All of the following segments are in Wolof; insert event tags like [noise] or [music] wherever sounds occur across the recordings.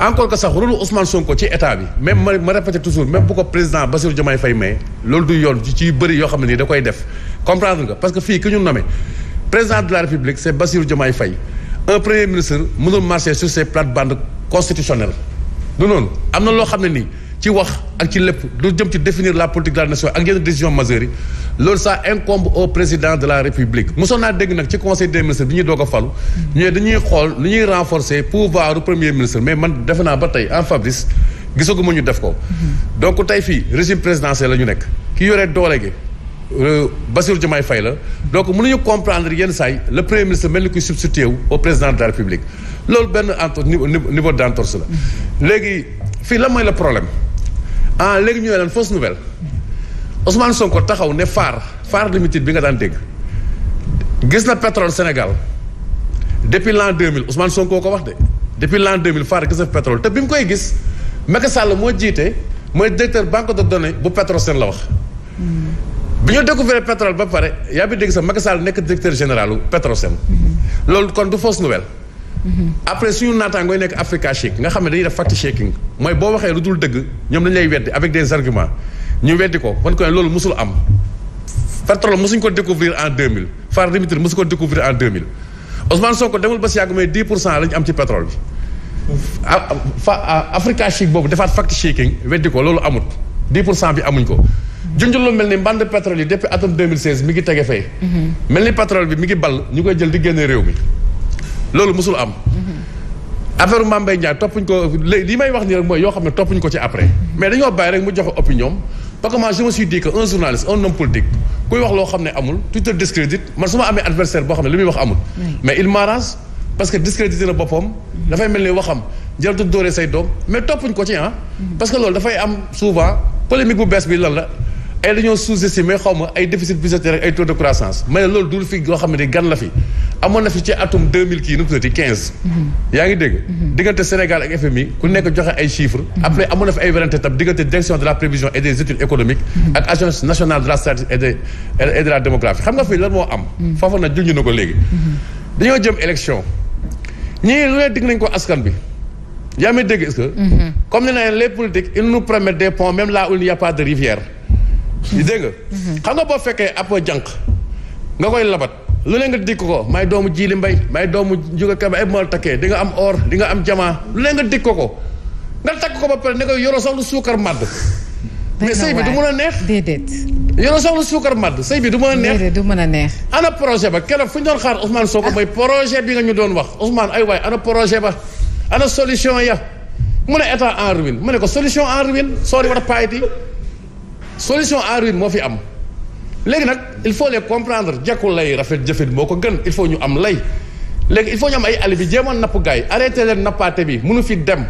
encore que sax rôle Ousmane Sonko ci état bi même ma ma répété toujours même bu ko président Bassirou Diomaye Faye may loolu du yoon ci bëri yoo xam ne da koy def comprendre nga parce que fii ki ñu nommé président de la république c' est Bassirou Diomaye un premier ministre mënul marcher sur ses plates-bandes constitutionnelles du noonu am na loo xam ne nii ci wax ak ci lépp du jëm ci définir la politique de la nation ak yenn décision majeures yi loolu ça incombe au président de la république mosoon naa dégg nag ci conseil des ministres bi ñuy doog a falu ñooy dañuy xool lu ñuy renforcer pouvoir du premier ministre mais man defe naa ba tey en Fabrice gisaguma ñu def ko mm-hmm. donc tey fii régime présidentiel la ñu nekk ki yore doole gi euh, Bassirou Diomaye Faye la donc mënuñu comprendre yenn saay le premier mel ni kuy substitué wu au président de la république loolu benn niveau d' entorse la mm-hmm. léegi fii lan mooy le problème ah léegi ñu ne leen fausse nouvelle Ousmane Sonko taxaw ne Far Far Limited bi nga daan dégg gis na pétrole Sénégal depuis l'an 2000 Ousmane Sonko ko wax de depuis l'an 2000 Far gis na pétrole te bi mu koy gis Macky moo jiite mooy directeur banque de données bu Petrosen la wax. bi ñu découvrir pétrole ba pare yaa bi dégg sa Macky nekk directeur général bu Petrosen. Mm-hmm. loolu kon du fausse nouvelle. après suñu naataangoo yi nekk Africa Check nga xam ne dañuy def fact checking mooy boo waxee lu dul dëgg ñoom dañu lay avec des arguments ñu weddi ko wan ko loolu mosul am pétrole mosuñ ko découvrir en 2000 phare Dimitri mosu ko découvrir en 2000 Ousmane Sonko demul ba si yàgg mais 10 pour cent Africa Check boobu defaat fact checking weddi ko loolu amut 10 pour cent bi amuñ ko. junjul lu mel ni bande pétrole yi depuis atum 2016 mi ngi tege fay. Mhm. mel ni pétrole bi mi ngi ball ñu koy jël di génne réew mi. loolu mosul am. affaire Mame Mbaye Niang toppuñ ko léegi li may wax nii rek mooy yoo xam ne toppuñ ko ci après. mais dañoo bàyyi rek mu joxe opinion parce que moi je me suis dit que un journaliste un homme politique kuy wax loo xam ne amul tu te discrédites man su ma amee adversaire boo xam ne li muy wax amul. mais il m'arrange parce que na boppam. dafay mel ni waxam jël tu dóoree say doom mais toppuñ ko ci ah. Mm-hmm. parce que loolu dafay am souvent polémique bu bees la. ay dañoo sous-estimé xaw ma ay fi loo xam ne gan la fi. amoon na fi ci atum deux mille kii nu mu tuddati mm-hmm. yaa ngi dégg. Mm-hmm. diggante Sénégal ak FMI ku nekk joxe ay chiffres. Mm-hmm. après amoon na fi ay werante tam diggante direction de la prévision et des études économiques. ak agence nationale de la statistique et de et de la démographie xam nga fii lan moo am. foofu na junj na ko léegi. dañoo jëm élection ñii lu ne dig nañ ko askan bi. yaa ngi dégg est que. comme ni na les politiques ils nous promettent des ponts même là où il n'y a pas de rivière. dégg nga. xam nga boo fekkee ab jànq koy labat. lu leen nga dikk ko may doomu jiili mbay may doomu juga kaba ay mal takkee di nga am or dinga am jamaa lu leen nga dikk ko ko nga takk ko ba pare ne ko yoroo sax suukar màdd mais sëy bi du mën a neex déedéet yoroo sax lu suukar màdd sëy bi du mën a neex déedéet a neex ana projet ba keroog fu ñu doon xaar Ousmane Sonko ah. mooy projet bi nga ñu doon wax Ousmane ay waay ana projet ba ana solution ya mu ne état en ruine mu ne ko solution en ruine soori war a paayiti solution en moo fi am léegi nag il faut les comprendre jekkul lay rafet jëfin moo ko gën il faut ñu am lay léegi il faut ñu am ay alibi jéemoon napp gars yi arrêté nappaate bi mënu fi dem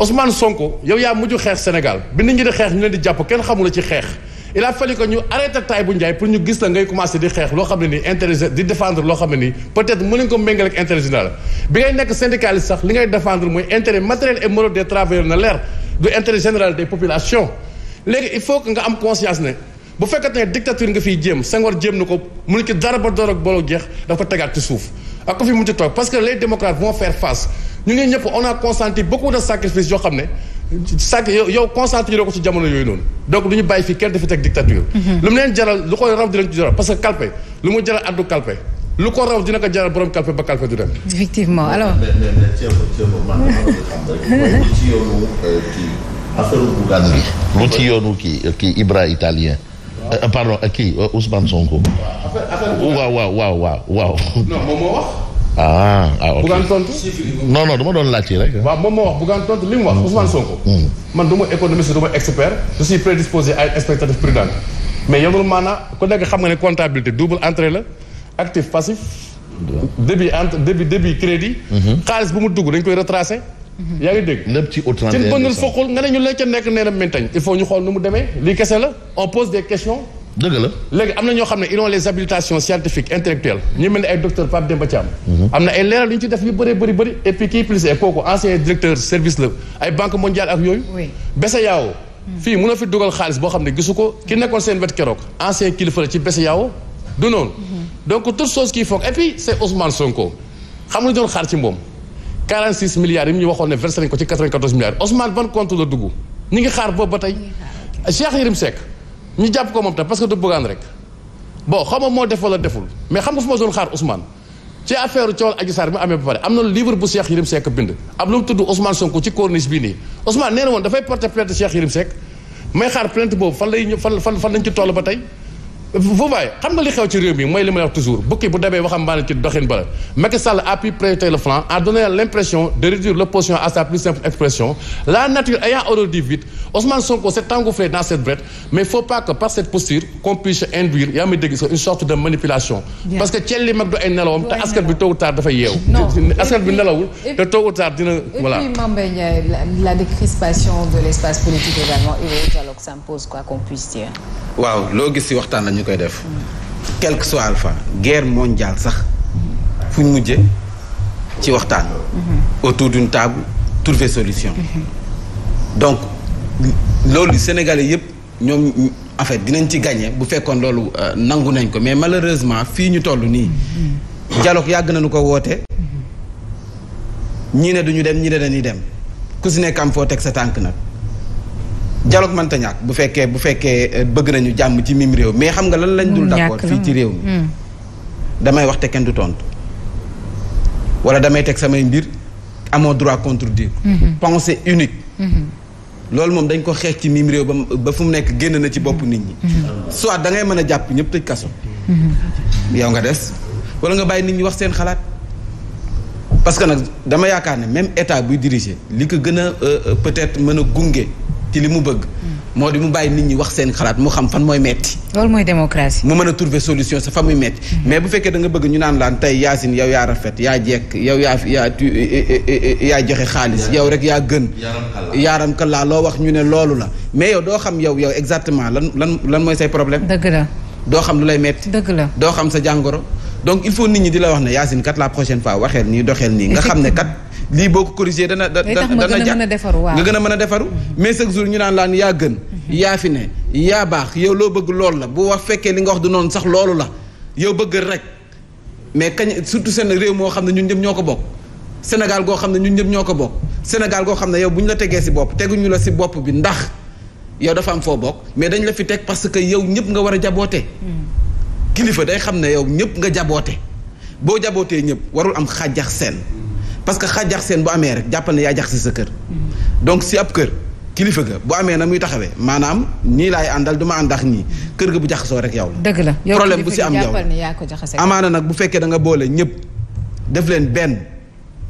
Ousmane Sonko yow yaa mujj xeex Sénégal bi nit ñi di xeex ñu leen di jàpp kenn xamula ci xeex il a fallu que ñu arrêté taay bu njaay pour ñu gis la ngay commencé di xeex loo xam ne nii intérêt di défendre loo xam ne nii peut-être mën nañu ko méngale ak intérêt général bi ngay nekk syndicaliste sax li mooy intérêt matériel et moral des travailleurs na leer général des populations léegi il faut nga am conscience ne bu fekkee ne dictature nga fiy jéem Senghor jéem na ko mënu ci dara ba door ak booloo jeex dafa ko tegaat ci suuf ak ko fi mujj toog parce que les démocrates vont faire face ñu ngi ñëpp on a consenti beaucoup de sacrifices yoo xam ne sac yow concentré ko ci jamono yooyu noonu donc du ñu bàyyi fii kenn dafa teg dictature mm-hmm. lu mu leen jaral lu di leen ci jaral parce que calpe lu mu jaral addu calpe lu ko raw dina ko jaral borom calpe ba calpe du dem. effectivement alors. mais mais yoonu euh, kii kii kii Ibra italien. Euh, pardon kii euh, euh, Ousmane Sonko. waaw waaw waaw waaw waaw. non moom moo wax. ah, ah tontu. non non dama doon laajte rek. waaw moom moo wax bugaan tontu li mu wax Ousmane Sonko. Hmm. Hmm. man du ma économiste du ma expert. je suis prédisposé à expectative prudente. mais yemul maanaam ku nekk xam nga ne comptabilité double entrée la actif passif. débit entre débit débit crédit. Hmm. xaalis bu mu dugg dañ koy retracé. yaa ngi dégg lépp ci autant ci bënul foqul nga ne ñu lekk nekk nee na mintañ il faut ñu xool nu mu demee lii kese la on pose des questions dëgg la léegi am na ñoo xam ne ils ont les habilitations scientifiques intellectuelles ñu mel ne ay docteur Pape Demba mhm. am na ay leeral yu ñu ci def yu bëree bëri bëri et puis kii plus et kooku ancien directeur service la ay banque mondiale ak yooyu bese yaaw mhm. fii mun fi dugal xaalis boo xam ne gisu ko ki nekkoon seen wet keroog ancien kilifa la ci bese yaaw du noonu mhm. donc toute chose qu'il faut et puis c'est Ousmane Sonko xam ci moom 46 milliards yi mu ñu waxoon ne versé nañ ko ci 94 milliards Ousmane ban compte la dugg ñu ngi xaar boobu ba tey Cheikh Yérim ñu jàpp ko moom tam parce que du bëggaan rek bon xam moo def wala deful mais xam nga fu ma doon xaar Ousmane ci affaire coowal Adji Sarr bi amee ba pare am na livre bu Cheikh Yérim bind am lu mu tudd Ousmane Sonko ci corniche bii nii Ousmane nee woon dafay porter plainte Cheikh Yérim may xaar plainte boobu fan lay fan fan ba tey vous xam nga li xew ci réew mi mooy li may wax toujours bukki bu dabee waxambaane ci doxin ba la Macky Sall a pu a donné l'impression de réduire l'opposition à sa plus simple expression la nature ayant horreur du vide Ousmane Sonko s'est engouffré dans cette brette mais faut pas que par cette posture qu'on puisse induire yaa may dégg une sorte de manipulation parce que cel li mag du ay nelawam te askan [laughs] tard dina voilà ñu koy def quel que soit alpha guerre mondiale sax fuñ mujje ci waxtaan mhm. autour d'une table trouver solution mhm. donc loolu sénégalais yëpp ñoom en dinañ ci gagné bu fekkoon loolu euh, nangu nañ ko mais malheureusement fii ñu toll nii mhm. dialogue yàgg nañu ko woote ñii ne duñu dem ñii ne dañuy dem ku si nekk foo teg sa tànk nag dialogue mënta ñàkk bu fekkee bu fekkee euh, bëgg nañu jàmm ci mim réew mais xam nga lan lañ dul mm, d'accord fii ci réew mi mm. damay wax te kenn du tontu wala damay teg samay mbir amoo droit contredire mm-hmm. pensée unique mm-hmm. loolu moom dañ ko xeex ci mim réew ba ba fu mu nekk génn na ci bopp mm-hmm. nit ñi soit da mën a jàpp ñëpp tëj kaso yow nga des wala nga bàyyi nit ñi wax seen xalaat parce que nag dama yaakaar ne même état buy diriger li ko gën a euh, euh, peut-être mën a gunge ci li mu bëgg. moo di mu bàyyi nit ñi wax seen xalaat mu xam fan mooy metti loolu mooy démocratie. mu mën a trouver solution sa fan muy metti mm-hmm. mais bu fekkee da nga bëgg ñu naan laan tey Yacine yow yaa rafet yaa jekk eh, eh, eh, yaa joxe xaalis. yow rek yaa gën. yaaram ka laa loo wax ñu ne loolu la mais yow doo xam yow yow exactement lan lan lan mooy say problème. dëgg la. doo xam lu lay metti dëgg la doo xam sa jàngoro. donc il faut nit ñi di la wax ne Yacine kat la prochaine fois nga xam ne kat. lii boo ko corrigé dana dana ja nga gën a mën a defaru mais chaque jour ñu naan laan yaa gën mhm. yaa fi ne yaa baax yow loo bëgg lool la boo wax fekkee li nga wax du noonu sax loolu la yow bëgg rek mais kañ surtout seen réew moo xam ne ñun ñëpp ñoo ko bokk Sénégal goo xam ne ñun ñëpp ñoo ko bokk Sénégal goo xam ne yow bu ñu la tegee si bopp teguñu la si bopp bi ndax yow dafa am foo bokk mais dañ la fi teg parce que yow ñëpp nga war a jaboote mhm. kilifa day xam ne yow ñëpp nga jaboote boo jabootee ñëpp warul am xàjjax seen parce que xaajax seen bu amee rek jàppal na yaa jax si sa kër. donc si ab kër kilifa ga bu amee na muy taxawee maanaam ñii laay àndal du ma àndax ñii kër ga bu jaxasoo rek yow la. dëgg la problème bu si am yow amaana nag bu fekkee danga nga boole ñëpp def leen benn.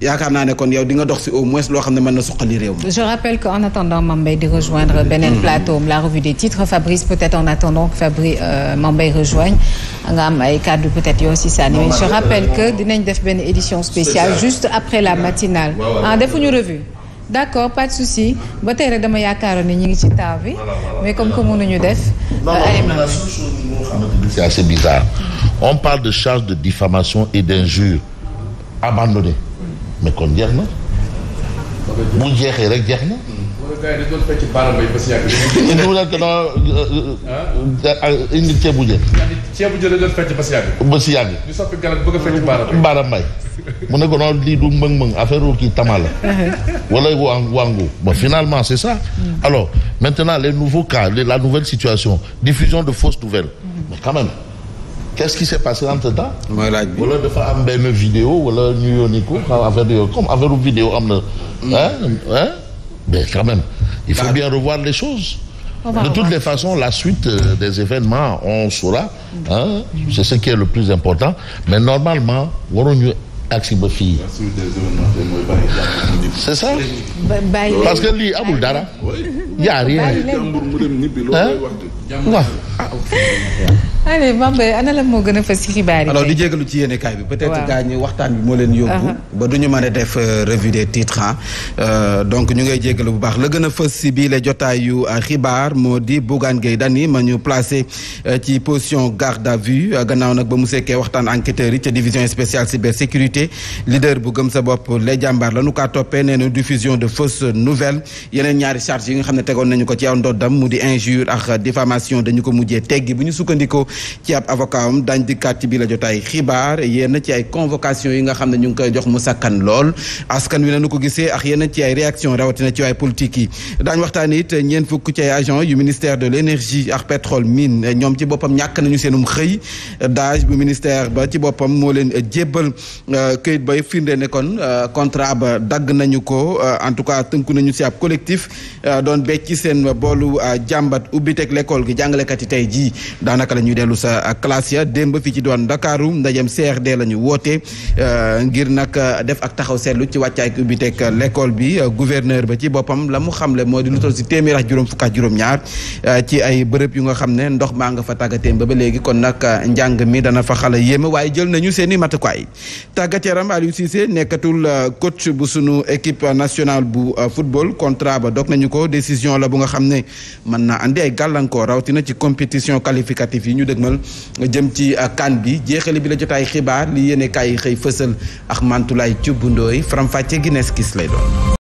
yaakaar naa ne kon yow di nga dox si au moins loo xam ne mën na suqali réew mi. je rappelle que en attendant Mame Mbaye di rejoindre beneen mm. plateau la revue des titres Fabrice peut-être en attendant que Fabrice euh, Mame Mbaye rejoigne nga am ay kaddu peut-être yoo si sànni. je rappelle euh, que dinañ def benn édition spéciale juste après la matinale. ah defuñu revue. d'accord pas de souci ba tey rek dama yaakaaroon ne ñu ngi ci taaw bi mais comme que mënuñu def. Euh, c'est assez bizarre on parle de charge de diffamation et d'injure abandonnée ma kon jeex na. bu jeexee rek jeex na. wala gars [laughs] euh, euh, euh, indi ceebu jën. ceebu mu ne ko noonu lii du mbëng-mbëng affaire [laughs] wu wala wàngu wàngu bon finalement c'est ça. Mm. alors maintenant les nouveaux cas la nouvelle situation diffusion de fausses nouvelles. Mm. mais quand qu'est-ce qui s'est passé entre temps. mooy laaj bi wala dafa am vidéo wala ñu vidéo am na. ah ah mais quand même. il faut bien revoir les choses. de toutes les façons la suite euh, des événements on saura. ah c'est ce qui est le plus important mais normalement waruñu agsi ba fii. c'est ça. parce que lii amul dara. y a rien. Ah, waaw allez Bambey moo gën a ci xibaar yi. alors di jégalu ci yéene kaay bi. peut-être gaa ñi waxtaan bi moo leen yóbbu. Uh-huh. ba du ñu ma a def euh, revue des titres euh, donc ñu ngay jégalu bu baax la gën a fës si bii la jotaayu euh, xibaar moo di Bougane Gueye Dany ma ñu placé ci position garde à vue gannaaw nag ba mu sekkee waxtaan enquêteurs yi ca division spéciale cybersécurité leader bu gëm sa bopp le jàmbaar la nu kaa toppee nee diffusion de fausses nouvelles yeneen ñaari charges yi nga xam ne tegoon nañu ko ci libération dañu ko mujjee teggi bu ñu sukkandikoo ci ab avocat am daañ dikkaat bi la jotaay xibaar yenn ci ay convocation yi nga xam ne ñu ngi koy jox mu sakkan lool askan wi nañu ko gisee ak yenn ci ay réaction rawatina ci waay politique yi daañ waxtaan it ñeent fukk ci ay agent yu ministère de l'énergie ak pétrole miin ñoom ci boppam ñàkk nañu seenum xëy daaj bu ministère ba ci boppam moo leen jébbal euh, kayit bay firnde ne kon euh, contrat ba dagg nañu ko euh, en tout cas tënku nañu si ab collectif doon becc seen boolu jàmbat ubbi teg l'école gi gi jàngalekat yi tey ji daanaka la ñuy dellu sa uh, classe ya démb fii ci doon Ndakaaru ndajem CRD la ñu woote uh, ngir nag uh, def ak taxaw seetlu ci wàccaay ubbiteeg l'école bi gouverneur ba ci boppam la mu xamle moo di lu toll si téeméer juróom fukk juróom-ñaar ci ay bërëb yu nga xam ne ndox maa nga fa tàggatéem ba ba léegi kon nag njàng mi dana fa xala yéeme waaye jël nañu seen i matukaay tàggat yaram Aliou Cissé nekkatul coach bu sunu équipe nationa bu football contrat ba dog nañu ko décision la bu nga xam ne rawatina ci compétition qualificative yi ñu nga jëm ci kan euh, bi jeexale bi la jotaay xibaar li yéene kaay xëy fësal ak Mantoulaye Thioub ndooy faram-fàcce Guinness gis lay doon